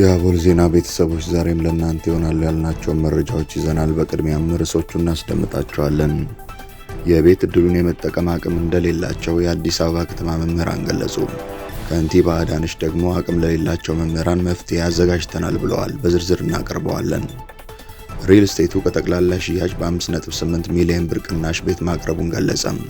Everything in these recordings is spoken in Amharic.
የአቦል ዜና ቤተሰቦች ዛሬም ለእናንተ ይሆናሉ ያልናቸውን መረጃዎች ይዘናል። በቅድሚያም ርዕሶቹ እናስደምጣቸዋለን። የቤት እድሉን የመጠቀም አቅም እንደሌላቸው የአዲስ አበባ ከተማ መምህራን ገለጹ። ከንቲባ አዳነች ደግሞ አቅም ለሌላቸው መምህራን መፍትሄ አዘጋጅተናል ብለዋል። በዝርዝር እናቀርበዋለን። ሪል ስቴቱ ከጠቅላላ ሽያጭ በ5.8 ሚሊዮን ብር ቅናሽ ቤት ማቅረቡን ገለጸም።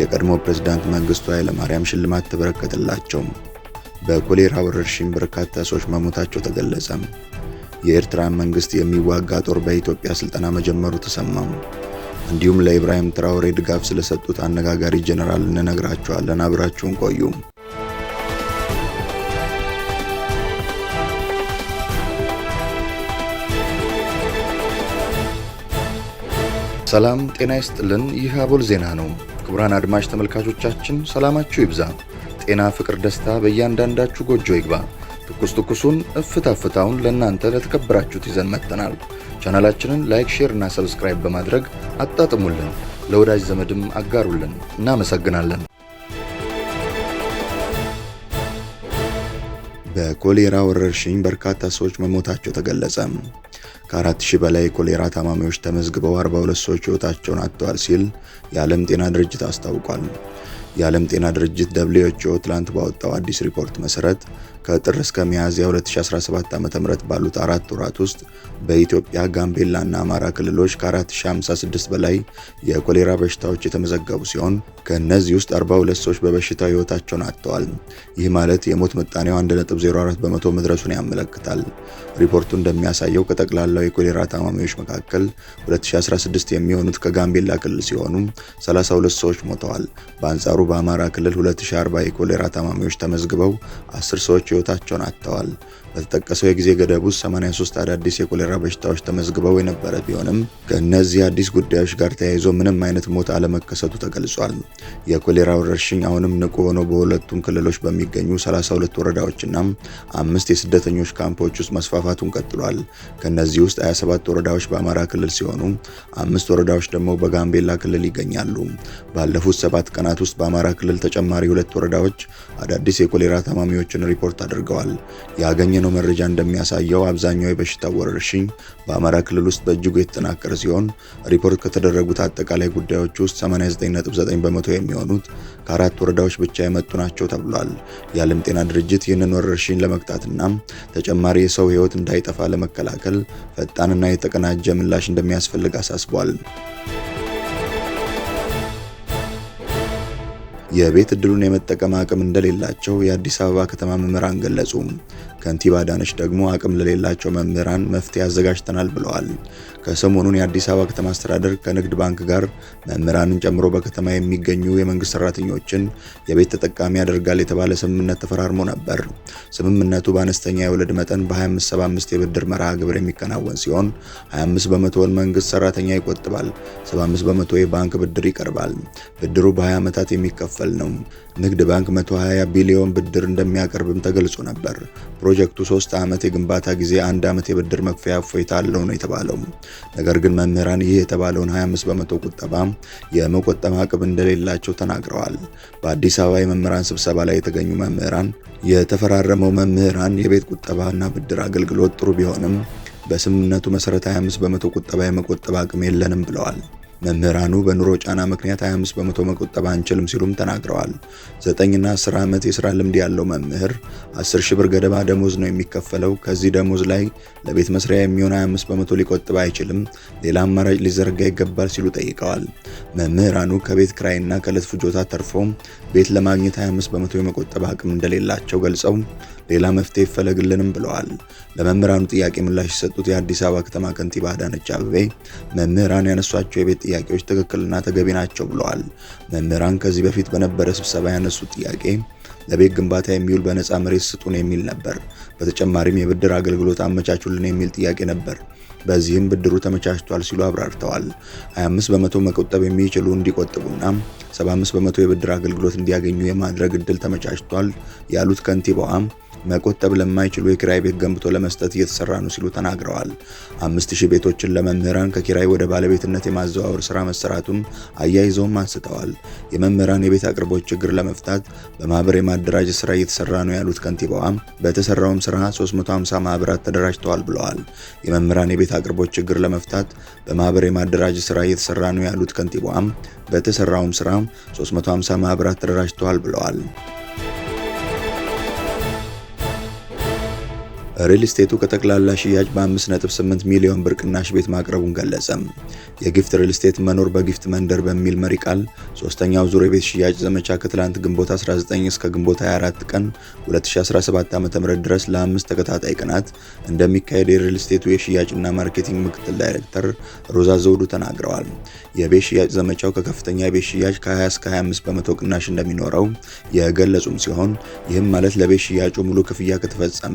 የቀድሞ ፕሬዝዳንት መንግስቱ ኃይለማርያም ሽልማት ተበረከተላቸው። በኮሌራ ወረርሽኝ በርካታ ሰዎች መሞታቸው ተገለጸ። የኤርትራን መንግስት የሚዋጋ ጦር በኢትዮጵያ ስልጠና መጀመሩ ተሰማም እንዲሁም ለኢብራሂም ትራውሬ ድጋፍ ስለሰጡት አነጋጋሪ ጀነራል እንነግራችኋለን። አብራችሁን ቆዩ። ሰላም ጤና ይስጥልን። ይህ አቦል ዜና ነው። ክቡራን አድማጭ ተመልካቾቻችን ሰላማችሁ ይብዛ። ጤና፣ ፍቅር፣ ደስታ በእያንዳንዳችሁ ጎጆ ይግባ። ትኩስ ትኩሱን እፍታ ፍታውን ለእናንተ ለተከበራችሁት ይዘን መጥተናል። ቻናላችንን ላይክ፣ ሼር እና ሰብስክራይብ በማድረግ አጣጥሙልን፣ ለወዳጅ ዘመድም አጋሩልን። እናመሰግናለን። በኮሌራ ወረርሽኝ በርካታ ሰዎች መሞታቸው ተገለጸ። ከአራት ሺህ በላይ የኮሌራ ታማሚዎች ተመዝግበው 42 ሰዎች ሕይወታቸውን አጥተዋል ሲል የዓለም ጤና ድርጅት አስታውቋል። የዓለም ጤና ድርጅት ደብሊው ኤች ኦ ትላንት ባወጣው አዲስ ሪፖርት መሰረት ከጥር እስከ ሚያዝያ 2017 ም ባሉት አራት ወራት ውስጥ በኢትዮጵያ ጋምቤላ እና አማራ ክልሎች ከ4056 በላይ የኮሌራ በሽታዎች የተመዘገቡ ሲሆን ከእነዚህ ውስጥ 42 ሰዎች በበሽታው ሕይወታቸውን አጥተዋል። ይህ ማለት የሞት ምጣኔው 1.04 በመቶ መድረሱን ያመለክታል። ሪፖርቱ እንደሚያሳየው ከጠቅላላው የኮሌራ ታማሚዎች መካከል 2016 የሚሆኑት ከጋምቤላ ክልል ሲሆኑ 32 ሰዎች ሞተዋል። በአንጻሩ በቅርቡ በአማራ ክልል 2040 የኮሌራ ታማሚዎች ተመዝግበው 10 ሰዎች ህይወታቸውን አጥተዋል። በተጠቀሰው የጊዜ ገደብ ውስጥ 83 አዳዲስ የኮሌራ በሽታዎች ተመዝግበው የነበረ ቢሆንም ከእነዚህ አዲስ ጉዳዮች ጋር ተያይዞ ምንም አይነት ሞት አለመከሰቱ ተገልጿል። የኮሌራ ወረርሽኝ አሁንም ንቁ ሆኖ በሁለቱም ክልሎች በሚገኙ 32 ወረዳዎችና አምስት የስደተኞች ካምፖች ውስጥ መስፋፋቱን ቀጥሏል። ከእነዚህ ውስጥ 27 ወረዳዎች በአማራ ክልል ሲሆኑ አምስት ወረዳዎች ደግሞ በጋምቤላ ክልል ይገኛሉ። ባለፉት ሰባት ቀናት ውስጥ በአማራ ክልል ተጨማሪ ሁለት ወረዳዎች አዳዲስ የኮሌራ ታማሚዎችን ሪፖርት አድርገዋል። ያገኘ ያገኘነው መረጃ እንደሚያሳየው አብዛኛው የበሽታ ወረርሽኝ በአማራ ክልል ውስጥ በእጅጉ የተጠናከረ ሲሆን ሪፖርት ከተደረጉት አጠቃላይ ጉዳዮች ውስጥ 89.9 በመቶ የሚሆኑት ከአራት ወረዳዎች ብቻ የመጡ ናቸው ተብሏል። የዓለም ጤና ድርጅት ይህንን ወረርሽኝ ለመግታትና ተጨማሪ የሰው ሕይወት እንዳይጠፋ ለመከላከል ፈጣንና የተቀናጀ ምላሽ እንደሚያስፈልግ አሳስቧል። የቤት እድሉን የመጠቀም አቅም እንደሌላቸው የአዲስ አበባ ከተማ መምህራን ገለጹ። ከንቲባ አዳነች ደግሞ አቅም ለሌላቸው መምህራን መፍትሄ አዘጋጅተናል ብለዋል። ከሰሞኑን የአዲስ አበባ ከተማ አስተዳደር ከንግድ ባንክ ጋር መምህራንን ጨምሮ በከተማ የሚገኙ የመንግስት ሰራተኞችን የቤት ተጠቃሚ ያደርጋል የተባለ ስምምነት ተፈራርሞ ነበር። ስምምነቱ በአነስተኛ የወለድ መጠን በ2575 የብድር መርሃ ግብር የሚከናወን ሲሆን 25 በመቶውን መንግስት ሰራተኛ ይቆጥባል፣ 75 በመቶ የባንክ ብድር ይቀርባል። ብድሩ በ20 ዓመታት የሚከፈል ነው። ንግድ ባንክ 120 ቢሊዮን ብድር እንደሚያቀርብም ተገልጾ ነበር። ፕሮጀክቱ ሶስት ዓመት የግንባታ ጊዜ አንድ ዓመት የብድር መክፈያ እፎይታ አለው ነው የተባለው። ነገር ግን መምህራን ይህ የተባለውን 25 በመቶ ቁጠባ የመቆጠብ አቅም እንደሌላቸው ተናግረዋል። በአዲስ አበባ የመምህራን ስብሰባ ላይ የተገኙ መምህራን የተፈራረመው መምህራን የቤት ቁጠባና ብድር አገልግሎት ጥሩ ቢሆንም በስምምነቱ መሰረት 25 በመቶ ቁጠባ የመቆጠብ አቅም የለንም ብለዋል። መምህራኑ በኑሮ ጫና ምክንያት 25 በመቶ መቆጠብ አንችልም ሲሉም ተናግረዋል። 9ና 10 ዓመት የስራ ልምድ ያለው መምህር 10 ሺህ ብር ገደማ ደሞዝ ነው የሚከፈለው። ከዚህ ደሞዝ ላይ ለቤት መስሪያ የሚሆን 25 በመቶ ሊቆጥብ አይችልም፣ ሌላ አማራጭ ሊዘረጋ ይገባል ሲሉ ጠይቀዋል። መምህራኑ ከቤት ክራይና ከዕለት ፍጆታ ተርፎ ቤት ለማግኘት 25 በመቶ የመቆጠብ አቅም እንደሌላቸው ገልጸው ሌላ መፍትሄ ይፈለግልንም ብለዋል። ለመምህራኑ ጥያቄ ምላሽ የሰጡት የአዲስ አበባ ከተማ ከንቲባ አዳነች አበቤ መምህራን ያነሷቸው የቤት ጥያቄዎች ትክክልና ተገቢ ናቸው ብለዋል። መምህራን ከዚህ በፊት በነበረ ስብሰባ ያነሱት ጥያቄ ለቤት ግንባታ የሚውል በነፃ መሬት ስጡን የሚል ነበር። በተጨማሪም የብድር አገልግሎት አመቻቹልን የሚል ጥያቄ ነበር። በዚህም ብድሩ ተመቻችቷል ሲሉ አብራርተዋል። 25 በመቶ መቆጠብ የሚችሉ እንዲቆጥቡና 75 በመቶ የብድር አገልግሎት እንዲያገኙ የማድረግ እድል ተመቻችቷል ያሉት ከንቲባዋ መቆጠብ ለማይችሉ የኪራይ ቤት ገንብቶ ለመስጠት እየተሰራ ነው ሲሉ ተናግረዋል። አምስት ሺህ ቤቶችን ለመምህራን ከኪራይ ወደ ባለቤትነት የማዘዋወር ስራ መሰራቱን አያይዘውም አንስተዋል። የመምህራን የቤት አቅርቦት ችግር ለመፍታት በማህበር የማደራጀት ስራ እየተሰራ ነው ያሉት ከንቲባዋ በተሰራውም ስራ 350 ማህበራት ተደራጅተዋል ብለዋል። የመምህራን የቤት አቅርቦት ችግር ለመፍታት በማህበር የማደራጀት ስራ እየተሰራ ነው ያሉት ከንቲባዋም በተሰራውም ስራ 350 ማህበራት ተደራጅተዋል ብለዋል። ሪል ስቴቱ ከጠቅላላ ሽያጭ በ5.8 ሚሊዮን ብር ቅናሽ ቤት ማቅረቡን ገለጸ። የጊፍት ሪል ስቴት መኖር በጊፍት መንደር በሚል መሪ ቃል ሶስተኛው ዙር የቤት ሽያጭ ዘመቻ ከትላንት ግንቦት 19 እስከ ግንቦት 24 ቀን 2017 ዓ.ም ድረስ ለአምስት ተከታታይ ቀናት እንደሚካሄድ የሪል ስቴቱ የሽያጭና ማርኬቲንግ ምክትል ዳይሬክተር ሮዛ ዘውዱ ተናግረዋል። የቤት ሽያጭ ዘመቻው ከከፍተኛ የቤት ሽያጭ ከ20 እስከ 25 በመቶ ቅናሽ እንደሚኖረው የገለጹም ሲሆን ይህም ማለት ለቤት ሽያጩ ሙሉ ክፍያ ከተፈጸመ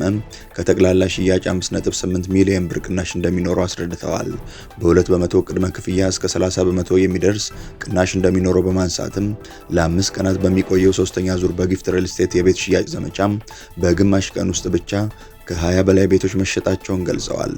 ጠቅላላ ሽያጭ 5.8 ሚሊዮን ብር ቅናሽ እንደሚኖረው አስረድተዋል። በ2 በመቶ ቅድመ ክፍያ እስከ 30 በመቶ የሚደርስ ቅናሽ እንደሚኖረው በማንሳትም ለአምስት ቀናት በሚቆየው ሶስተኛ ዙር በጊፍት ሪል ስቴት የቤት ሽያጭ ዘመቻም በግማሽ ቀን ውስጥ ብቻ ከ20 በላይ ቤቶች መሸጣቸውን ገልጸዋል።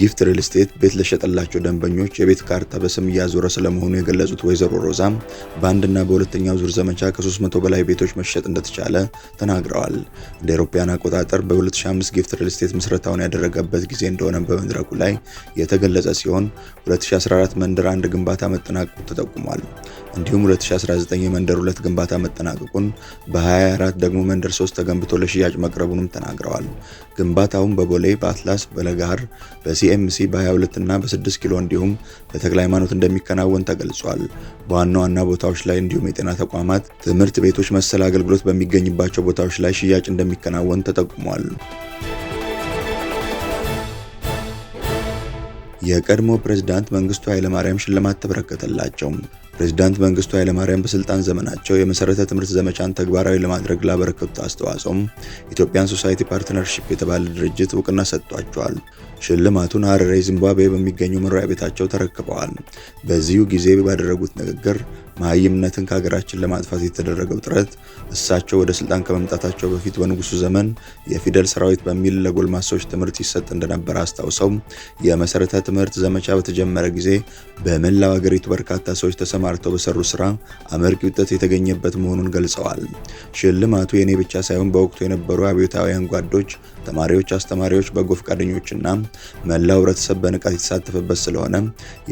ጊፍት ሪል ስቴት ቤት ለሸጠላቸው ደንበኞች የቤት ካርታ በስም እያዞረ ስለመሆኑ የገለጹት ወይዘሮ ሮዛም በአንድና በሁለተኛው ዙር ዘመቻ ከ300 በላይ ቤቶች መሸጥ እንደተቻለ ተናግረዋል። እንደ አውሮፓውያን አቆጣጠር በ2005 ጊፍት ሪል ስቴት ምስረታውን ያደረገበት ጊዜ እንደሆነ በመድረኩ ላይ የተገለጸ ሲሆን 2014 መንደር አንድ ግንባታ መጠናቀቁ ተጠቁሟል። እንዲሁም 2019 የመንደር ሁለት ግንባታ መጠናቀቁን በ24 ደግሞ መንደር 3 ተገንብቶ ለሽያጭ መቅረቡንም ተናግረዋል። ግንባታውን በቦሌ፣ በአትላስ፣ በለጋር ። በ በሲኤምሲ በ22 እና በ6 ኪሎ እንዲሁም በተክለ ሃይማኖት እንደሚከናወን ተገልጿል። በዋና ዋና ቦታዎች ላይ እንዲሁም የጤና ተቋማት፣ ትምህርት ቤቶች መሰል አገልግሎት በሚገኝባቸው ቦታዎች ላይ ሽያጭ እንደሚከናወን ተጠቁሟል። የቀድሞ ፕሬዝዳንት መንግስቱ ኃይለማርያም ሽልማት ተበረከተላቸው። ፕሬዚዳንት መንግስቱ ኃይለማርያም በስልጣን ዘመናቸው የመሰረተ ትምህርት ዘመቻን ተግባራዊ ለማድረግ ላበረከቱት አስተዋጽኦም ኢትዮጵያን ሶሳይቲ ፓርትነርሺፕ የተባለ ድርጅት እውቅና ሰጥቷቸዋል። ሽልማቱን ሀረሬ ዚምባብዌ በሚገኙ መኖሪያ ቤታቸው ተረክበዋል። በዚሁ ጊዜ ባደረጉት ንግግር መሀይምነትን ከሀገራችን ለማጥፋት የተደረገው ጥረት እሳቸው ወደ ስልጣን ከመምጣታቸው በፊት በንጉሱ ዘመን የፊደል ሰራዊት በሚል ለጎልማሶች ትምህርት ይሰጥ እንደነበር አስታውሰው የመሰረተ ትምህርት ዘመቻ በተጀመረ ጊዜ በመላው ሀገሪቱ በርካታ ሰዎች ተሰማርተው በሰሩ ስራ አመርቂ ውጤት የተገኘበት መሆኑን ገልጸዋል። ሽልማቱ የኔ ብቻ ሳይሆን በወቅቱ የነበሩ አብዮታውያን ጓዶች፣ ተማሪዎች፣ አስተማሪዎች፣ በጎ ፈቃደኞችና መላው ህብረተሰብ በንቃት የተሳተፈበት ስለሆነ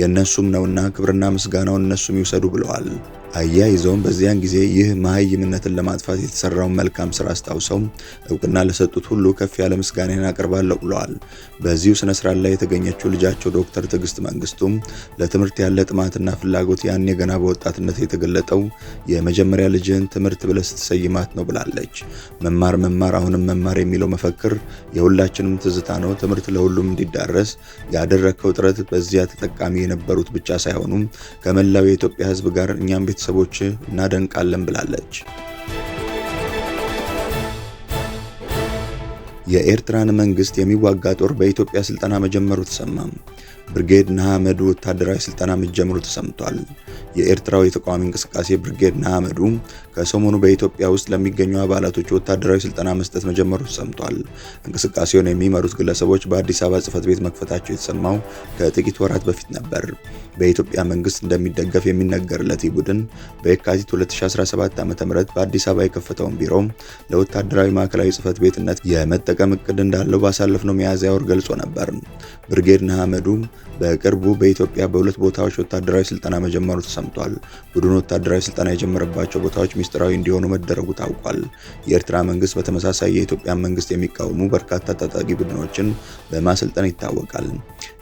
የእነሱም ነውና ክብርና ምስጋናውን እነሱም ይውሰዱ ብለዋል። Obrigado. አያይዘውም በዚያን ጊዜ ይህ መሀይምነትን ለማጥፋት የተሰራውን መልካም ስራ አስታውሰው እውቅና ለሰጡት ሁሉ ከፍ ያለ ምስጋናን አቀርባለሁ ብለዋል። በዚሁ ስነ ስርዓት ላይ የተገኘችው ልጃቸው ዶክተር ትዕግስት መንግስቱም ለትምህርት ያለ ጥማትና ፍላጎት ያኔ ገና በወጣትነት የተገለጠው የመጀመሪያ ልጅን ትምህርት ብለ ስትሰይማት ነው ብላለች። መማር መማር አሁንም መማር የሚለው መፈክር የሁላችንም ትዝታ ነው። ትምህርት ለሁሉም እንዲዳረስ ያደረግከው ጥረት በዚያ ተጠቃሚ የነበሩት ብቻ ሳይሆኑም ከመላው የኢትዮጵያ ህዝብ ጋር እኛም ቤተሰ ቤተሰቦች እናደንቃለን ብላለች። የኤርትራን መንግስት የሚዋጋ ጦር በኢትዮጵያ ስልጠና መጀመሩ ተሰማም። ብርጌድ ንሓመዱ ወታደራዊ ስልጠና መጀመሩ ተሰምቷል። የኤርትራው የተቃዋሚ እንቅስቃሴ ብርጌድ ናሃመዱ ከሰሞኑ በኢትዮጵያ ውስጥ ለሚገኙ አባላቶች ወታደራዊ ስልጠና መስጠት መጀመሩ ተሰምቷል። እንቅስቃሴውን የሚመሩት ግለሰቦች በአዲስ አበባ ጽፈት ቤት መክፈታቸው የተሰማው ከጥቂት ወራት በፊት ነበር። በኢትዮጵያ መንግስት እንደሚደገፍ የሚነገርለት ይህ ቡድን በየካቲት 2017 .ም በአዲስ አበባ የከፈተውን ቢሮ ለወታደራዊ ማዕከላዊ ጽፈት ቤትነት የመጠቀም እቅድ እንዳለው ባሳለፍነው ሚያዝያ ወር ገልጾ ነበር። ብርጌድ ናሃመዱ በቅርቡ በኢትዮጵያ በሁለት ቦታዎች ወታደራዊ ስልጠና መጀመሩ ተሰምቷል። ቡድኑ ወታደራዊ ስልጠና የጀመረባቸው ቦታዎች ሚስጥራዊ እንዲሆኑ መደረጉ ታውቋል። የኤርትራ መንግስት በተመሳሳይ የኢትዮጵያ መንግስት የሚቃወሙ በርካታ ታጣቂ ቡድኖችን በማሰልጠን ይታወቃል።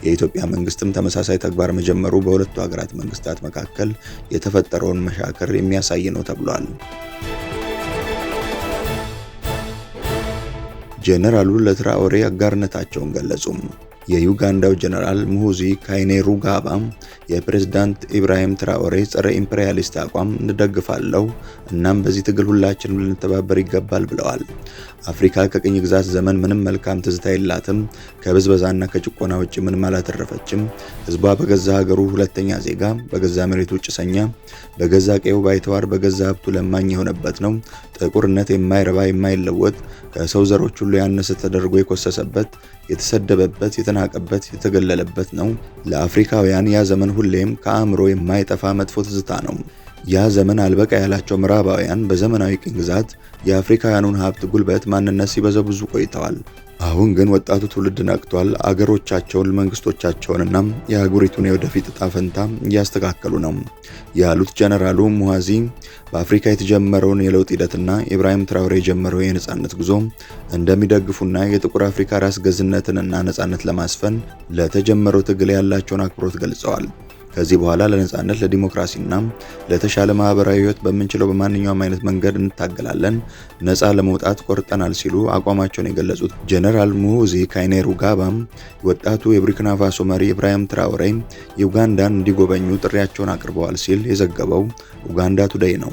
የኢትዮጵያ መንግስትም ተመሳሳይ ተግባር መጀመሩ በሁለቱ ሀገራት መንግስታት መካከል የተፈጠረውን መሻከር የሚያሳይ ነው ተብሏል። ጄኔራሉ ለትራኦሬ አጋርነታቸውን ገለጹም። የዩጋንዳው ጀነራል ሙሁዚ ካይኔሩጋባ የፕሬዝዳንት ኢብራሂም ትራኦሬ ጸረ ኢምፔሪያሊስት አቋም እንደግፋለሁ እናም በዚህ ትግል ሁላችንም ልንተባበር ይገባል ብለዋል። አፍሪካ ከቅኝ ግዛት ዘመን ምንም መልካም ትዝታ የላትም። ከብዝበዛና ከጭቆና ውጭ ምንም አላተረፈችም። ህዝቧ በገዛ ሀገሩ ሁለተኛ ዜጋ፣ በገዛ መሬቱ ጭሰኛ፣ በገዛ ቀዩ ባይተዋር፣ በገዛ ሀብቱ ለማኝ የሆነበት ነው። ጥቁርነት የማይረባ የማይለወጥ ከሰው ዘሮች ሁሉ ያነሰ ተደርጎ የኮሰሰበት የተሰደበበት የተናቀበት የተገለለበት ነው። ለአፍሪካውያን ያ ዘመን ሁሌም ከአእምሮ የማይጠፋ መጥፎ ትዝታ ነው። ያ ዘመን አልበቃ ያላቸው ምዕራባውያን በዘመናዊ ቅኝ ግዛት የአፍሪካውያኑን ሀብት፣ ጉልበት፣ ማንነት ሲበዘብዙ ቆይተዋል። አሁን ግን ወጣቱ ትውልድ ነቅቷል። አገሮቻቸውን፣ መንግስቶቻቸውንና የአህጉሪቱን የወደፊት እጣ ፈንታ እያስተካከሉ ነው ያሉት ጀነራሉ ሙሃዚ በአፍሪካ የተጀመረውን የለውጥ ሂደትና ኢብራሂም ትራውሬ የጀመረው የነፃነት ጉዞ እንደሚደግፉና የጥቁር አፍሪካ ራስ ገዝነትንና ነፃነት ለማስፈን ለተጀመረው ትግል ያላቸውን አክብሮት ገልጸዋል። ከዚህ በኋላ ለነጻነት ለዲሞክራሲና ለተሻለ ማህበራዊ ህይወት በምንችለው በማንኛውም አይነት መንገድ እንታገላለን፣ ነጻ ለመውጣት ቆርጠናል ሲሉ አቋማቸውን የገለጹት ጀነራል ካይኔሩ ጋባ ወጣቱ የቡርኪና ፋሶ መሪ ኢብራሂም ትራውሬ ዩጋንዳን እንዲጎበኙ ጥሪያቸውን አቅርበዋል ሲል የዘገበው ኡጋንዳ ቱዴይ ነው።